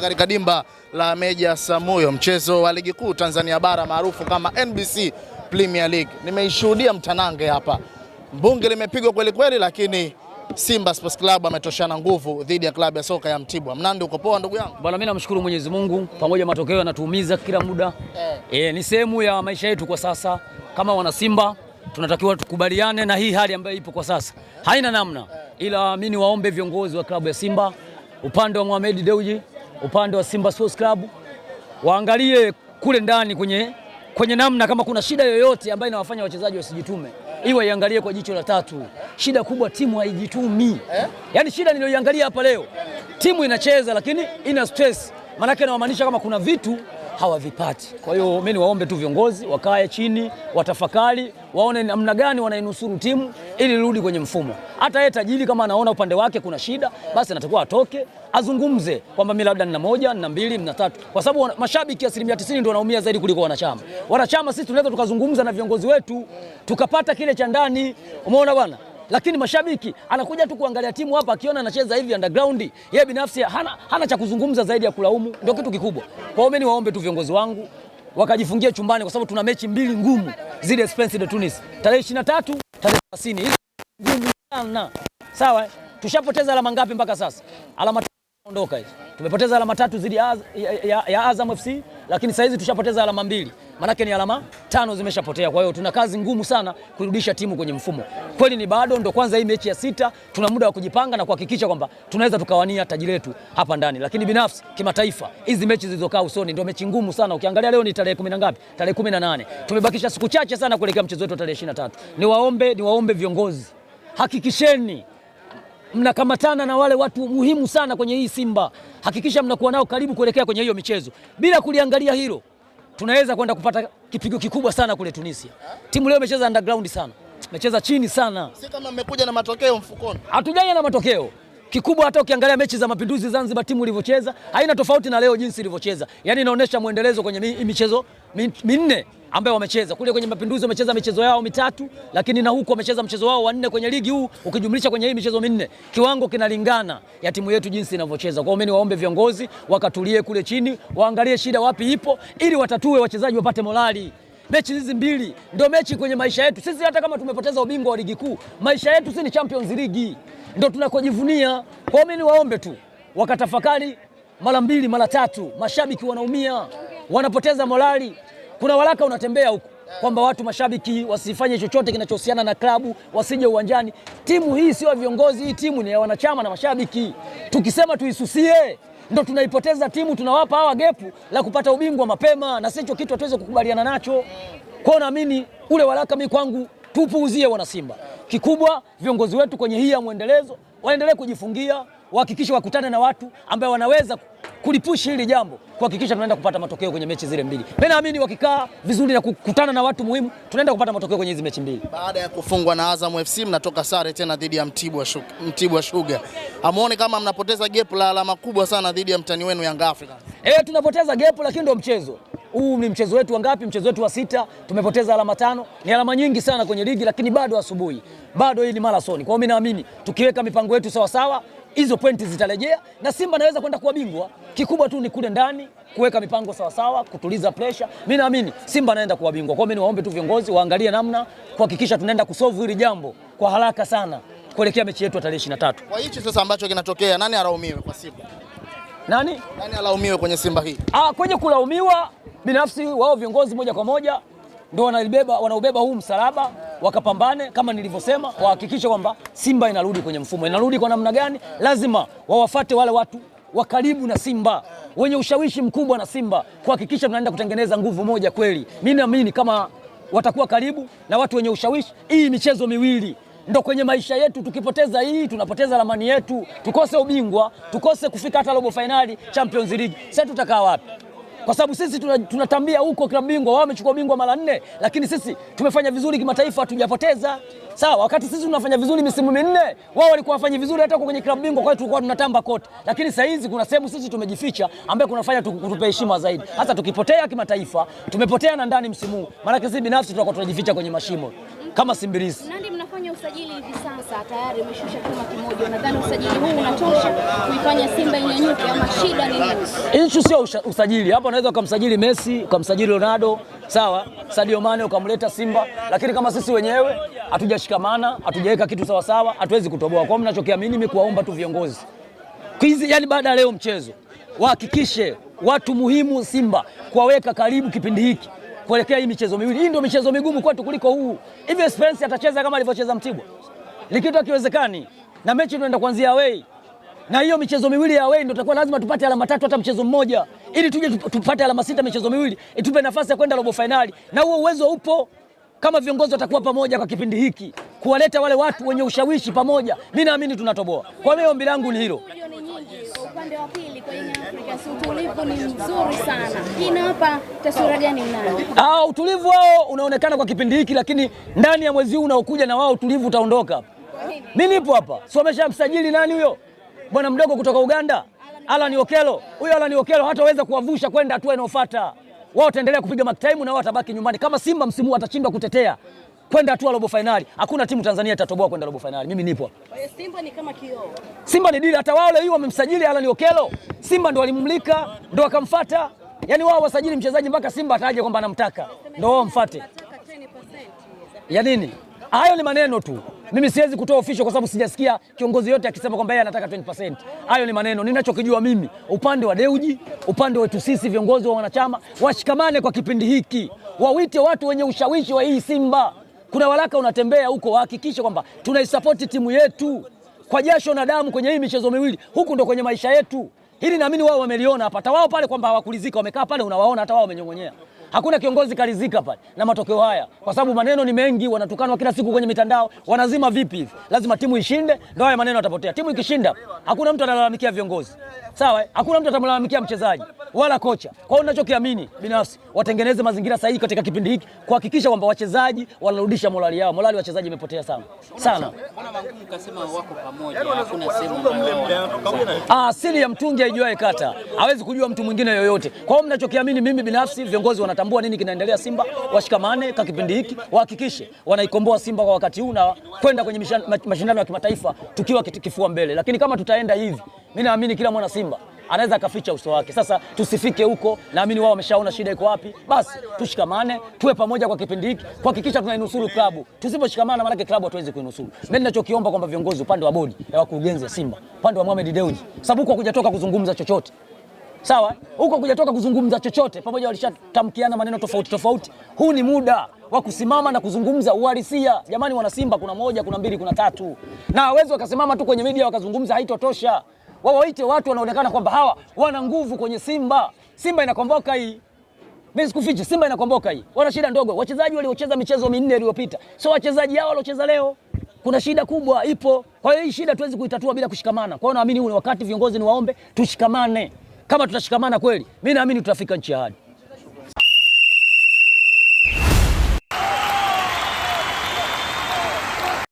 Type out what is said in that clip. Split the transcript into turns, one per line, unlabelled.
katika dimba la Meja Samuyo, mchezo wa ligi kuu Tanzania bara maarufu kama NBC Premier League. Nimeishuhudia mtanange hapa, mbunge limepigwa kweli kweli, lakini Simba Sports Club ametoshana nguvu dhidi ya klabu ya soka ya Mtibwa. Mnandi, uko poa ndugu yangu?
Bwana, mimi namshukuru Mwenyezi Mungu, pamoja na matokeo yanatuumiza kila muda eh. E, ni sehemu ya maisha yetu kwa sasa. Kama wanasimba tunatakiwa tukubaliane na hii hali ambayo ipo kwa sasa, haina namna, eh. ila mimi niwaombe viongozi wa klabu ya Simba upande wa Mohamed Deuji upande wa Simba Sports Club waangalie kule ndani kwenye, kwenye namna kama kuna shida yoyote ambayo inawafanya wachezaji wasijitume iwe iangalie kwa jicho la tatu. Shida kubwa timu haijitumi. Yaani shida niliyoiangalia hapa leo, timu inacheza lakini ina stress, maanake inamaanisha kama kuna vitu hawavipati. Kwa hiyo mimi niwaombe tu viongozi wakae chini, watafakari, waone namna gani wanainusuru timu ili rudi kwenye mfumo. Hata yeye tajiri kama anaona upande wake kuna shida, basi anatakiwa atoke azungumze kwamba mimi labda nina moja, nina mbili, nina tatu, kwa sababu mashabiki asilimia tisini ndio wanaumia zaidi kuliko wanachama. Wanachama sisi tunaweza tukazungumza na viongozi wetu tukapata kile cha ndani. Umeona bwana lakini mashabiki anakuja tu kuangalia timu hapa, akiona anacheza hivi underground, yeye binafsi hana, hana cha kuzungumza zaidi ya kulaumu, ndio kitu kikubwa. Kwa hiyo mimi niwaombe tu viongozi wangu wakajifungia chumbani, kwa sababu tuna mechi mbili ngumu zile Esperance de Tunis tarehe 23, tarehe 30, hizo ngumu sana. Sawa, tushapoteza alama ngapi mpaka sasa? Alama ondoka hizo, tumepoteza alama tatu zidi ya, ya, ya Azam FC, lakini sasa hizi tushapoteza alama mbili maanake ni alama tano zimeshapotea. Kwa hiyo tuna kazi ngumu sana kuirudisha timu kwenye mfumo. Kweli ni bado ndo kwanza hii mechi ya sita, tuna muda wa kujipanga na kuhakikisha kwamba tunaweza tukawania taji letu hapa ndani, lakini binafsi kimataifa, hizi mechi zilizokaa usoni ndio mechi ngumu sana. Ukiangalia leo ni tarehe kumi na ngapi? Tarehe kumi na nane. Tumebakisha siku chache sana kuelekea mchezo wetu tarehe ishirini na tatu. Niwaombe, niwaombe viongozi, hakikisheni mnakamatana na wale watu muhimu sana kwenye hii Simba, hakikisha mnakuwa nao karibu kuelekea kwenye hiyo michezo bila kuliangalia hilo tunaweza kwenda kupata kipigo kikubwa sana kule Tunisia. Timu leo imecheza underground sana, imecheza chini sana,
si kama mmekuja na matokeo mfukoni.
Hatujaja na matokeo Kikubwa hata ukiangalia mechi za Mapinduzi Zanzibar timu ilivyocheza haina tofauti na leo jinsi ilivyocheza, yaani inaonyesha mwendelezo kwenye michezo minne ambayo wamecheza kule. Kwenye Mapinduzi wamecheza michezo yao mitatu, lakini na huku wamecheza mchezo wao wanne kwenye ligi huu, ukijumlisha kwenye hii michezo minne, kiwango kinalingana ya timu yetu jinsi inavyocheza. Kwa hiyo mimi niwaombe viongozi wakatulie kule chini, waangalie shida wapi ipo, ili watatue, wachezaji wapate morali. Mechi hizi mbili ndio mechi kwenye maisha yetu sisi. Hata kama tumepoteza ubingwa wa ligi kuu, maisha yetu si ni Champions League ndo tunakojivunia. Kwa mimi niwaombe tu wakatafakari mara mbili mara tatu. Mashabiki wanaumia, wanapoteza morali. Kuna waraka unatembea huko kwamba watu mashabiki wasifanye chochote kinachohusiana na klabu, wasije uwanjani. Timu hii sio viongozi, hii timu ni ya wanachama na mashabiki. Tukisema tuisusie ndo tunaipoteza timu, tunawapa hawa gepu la kupata ubingwa mapema, na sicho kitu hatuweze kukubaliana nacho. Kwao naamini ule waraka mi kwangu tupuuzie, wana Simba. Kikubwa viongozi wetu kwenye hii ya mwendelezo waendelee kujifungia, wahakikishe wakutane na watu ambao wanaweza kulipushi hili jambo kuhakikisha tunaenda kupata matokeo kwenye mechi zile mbili. Mimi naamini wakikaa vizuri na kukutana na watu muhimu, tunaenda kupata matokeo kwenye hizi mechi mbili.
Baada ya kufungwa na Azam FC, mnatoka sare tena dhidi ya Mtibwa Sugar. Amuone kama mnapoteza gepu la alama kubwa sana dhidi ya mtani wenu Yanga Africa.
Eh, tunapoteza gepu, lakini ndio mchezo. Huu ni mchezo wetu wa ngapi? Mchezo wetu wa sita. Tumepoteza alama tano, ni alama nyingi sana kwenye ligi, lakini bado asubuhi, bado hii ni marathon. Kwa hiyo mimi naamini tukiweka mipango yetu sawasawa hizo pointi zitarejea na Simba naweza kwenda kuwa bingwa. Kikubwa tu ni kule ndani kuweka mipango sawasawa, kutuliza pressure. Mimi naamini Simba anaenda kuwa bingwa. Kwa hiyo mimi niwaombe tu viongozi waangalie namna kuhakikisha tunaenda kusolve hili jambo kwa haraka sana kuelekea mechi yetu ya tarehe 23.
Kwa hichi sasa ambacho kinatokea, nani alaumiwe kwa Simba? Nani? Nani alaumiwe kwenye Simba hii?
Ah, kwenye kulaumiwa Binafsi wao viongozi moja kwa moja ndio wanaubeba wanaubeba huu msalaba, wakapambane kama nilivyosema, wahakikishe kwamba Simba inarudi kwenye mfumo. Inarudi kwa namna gani? Lazima wawafate wale watu wa karibu na Simba wenye ushawishi mkubwa na Simba kuhakikisha tunaenda kutengeneza nguvu moja kweli. Mimi naamini kama watakuwa karibu na watu wenye ushawishi, hii michezo miwili ndo kwenye maisha yetu. Tukipoteza hii tunapoteza ramani yetu, tukose ubingwa, tukose kufika hata robo fainali Champions League. Sasa tutakaa wapi? kwa sababu sisi tunatambia huko klabu bingwa, wao wamechukua bingwa mara nne, lakini sisi tumefanya vizuri kimataifa, hatujapoteza sawa. Wakati sisi tunafanya vizuri misimu minne, wao walikuwa wafanyi vizuri hata kwenye klabu bingwa, kwa hiyo tulikuwa tunatamba kote, lakini sasa hizi kuna sehemu sisi tumejificha, ambaye kunafanya kutupe heshima zaidi, hasa tukipotea kimataifa, tumepotea na ndani msimu, maana sisi binafsi tunakuwa tunajificha kwenye mashimo kama simbilisi.
Nani mnafanya usajili hivi sasa tayari umeshusha chuma kimoja, nadhani usajili huu unatosha kuifanya Simba inyanyuke ama shida ni nini?
Issue sio usajili hapa, unaweza ukamsajili Messi ukamsajili Ronaldo sawa, Sadio Mane ukamleta Simba, lakini kama sisi wenyewe hatujashikamana hatujaweka kitu sawasawa, hatuwezi kutoboa. Kwa mnachokiamini mimi kuwaomba tu viongozi hizi, yani baada ya leo mchezo wahakikishe watu muhimu Simba kuwaweka karibu kipindi hiki kuelekea hii michezo miwili. Hii ndio michezo migumu kwetu kuliko huu. Hivi Spence atacheza kama alivyocheza Mtibwa? likitu akiwezekani, na mechi tunaenda kuanzia away, na hiyo michezo miwili ya away ndio tutakuwa lazima tupate alama tatu hata mchezo mmoja, ili tuje tupate alama sita michezo miwili itupe nafasi ya kwenda robo fainali, na huo uwezo upo kama viongozi watakuwa pamoja kwa kipindi hiki kuwaleta wale watu wenye ushawishi pamoja, mi naamini tunatoboa. Kwa hiyo ombi langu ni hilo.
Upande wa pili utulivu ni mzuri sana, inawapa taswira gani mnayo?
Ah, utulivu wao unaonekana kwa kipindi hiki, lakini ndani ya mwezi huu unaokuja na wao utulivu utaondoka. Mi nipo hapa, si wameshamsajili nani huyo bwana mdogo kutoka Uganda, Alan Okelo. Huyo Alan Okelo hataweza kuwavusha kwenda hatua inayofuata. Wao wataendelea kupiga maktaimu na wao watabaki nyumbani. Kama Simba msimu watashindwa kutetea kwenda hatua robo fainali, hakuna timu Tanzania itatoboa kwenda robo fainali. Mimi nipo
Simba ni kama kioo,
Simba ni dili. Hata wale hiyo wamemsajili Alan Okelo, Simba ndo walimmlika ndo wakamfata. Yaani wao wasajili mchezaji mpaka Simba ataje kwamba anamtaka, ndo wao mfate ya nini? Hayo ni maneno tu. Mimi siwezi kutoa ofisho kwa sababu sijasikia kiongozi yote akisema kwamba yeye anataka 20%. Hayo ni maneno. Ninachokijua mimi, upande wa Deuji, upande wetu sisi viongozi wa wanachama washikamane kwa kipindi hiki, wawite watu wenye ushawishi wa hii Simba. Kuna waraka unatembea huko, wahakikishe kwamba tunaisapoti timu yetu kwa jasho na damu kwenye hii michezo miwili, huku ndo kwenye maisha yetu. Hili naamini wao wameliona hapa, hata wao pale kwamba hawakulizika, wamekaa pale, unawaona hata wao wamenyong'onyea. Hakuna kiongozi kalizika pale na matokeo haya, kwa sababu maneno ni mengi, wanatukanwa kila siku kwenye mitandao, wanazima vipi hivi? Lazima timu ishinde, ndio haya maneno yatapotea. Timu ikishinda, hakuna mtu analalamikia viongozi, sawa? Eh? Hakuna mtu atamlalamikia mchezaji wala kocha. Kwa hiyo ninachokiamini binafsi, watengeneze mazingira sahihi katika kipindi hiki kuhakikisha kwamba wachezaji wanarudisha morali yao. Morali wachezaji imepotea sana sana. Ah, asili ya mtungi haijuae kata, hawezi kujua mtu mwingine yoyote. Kwa hiyo mimi binafsi viongozi wana wanatambua nini kinaendelea Simba, washikamane kwa kipindi hiki, wahakikishe wanaikomboa Simba kwa wakati huu na kwenda kwenye mashindano ya kimataifa tukiwa kifua mbele. Lakini kama tutaenda hivi, mimi naamini kila mwana Simba anaweza akaficha uso wake. Sasa tusifike huko, naamini wao wameshaona shida iko wapi. Basi tushikamane, tuwe pamoja kwa kipindi hiki kuhakikisha tunainusuru klabu. Tusiposhikamana maanake klabu hatuwezi kuinusuru. Mimi ninachokiomba kwamba viongozi, upande wa bodi ya wakurugenzi ya Simba, upande wa Mohamed Dewji, sababu huko kujatoka kuzungumza chochote sawa, huko kujatoka kuzungumza chochote pamoja, walishatamkiana maneno tofauti tofauti. Huu ni muda wa kusimama na kuzungumza uhalisia. Jamani wana Simba, kuna moja, kuna mbili, kuna tatu, na hawezi wakasimama tu kwenye media wakazungumza, haitotosha. Wawaite watu wanaonekana kwamba hawa wana nguvu kwenye Simba. Simba inakomboka hii, mimi sikufiche, Simba inakomboka hii. Wana shida ndogo, wachezaji waliocheza michezo minne iliyopita sio wachezaji hao waliocheza leo. Kuna shida kubwa ipo. Kwa hiyo hii shida tuwezi kuitatua bila kushikamana. Kwa hiyo naamini huu ni wakati viongozi, niwaombe tushikamane kama tutashikamana kweli, mi naamini tutafika nchi ya ahadi.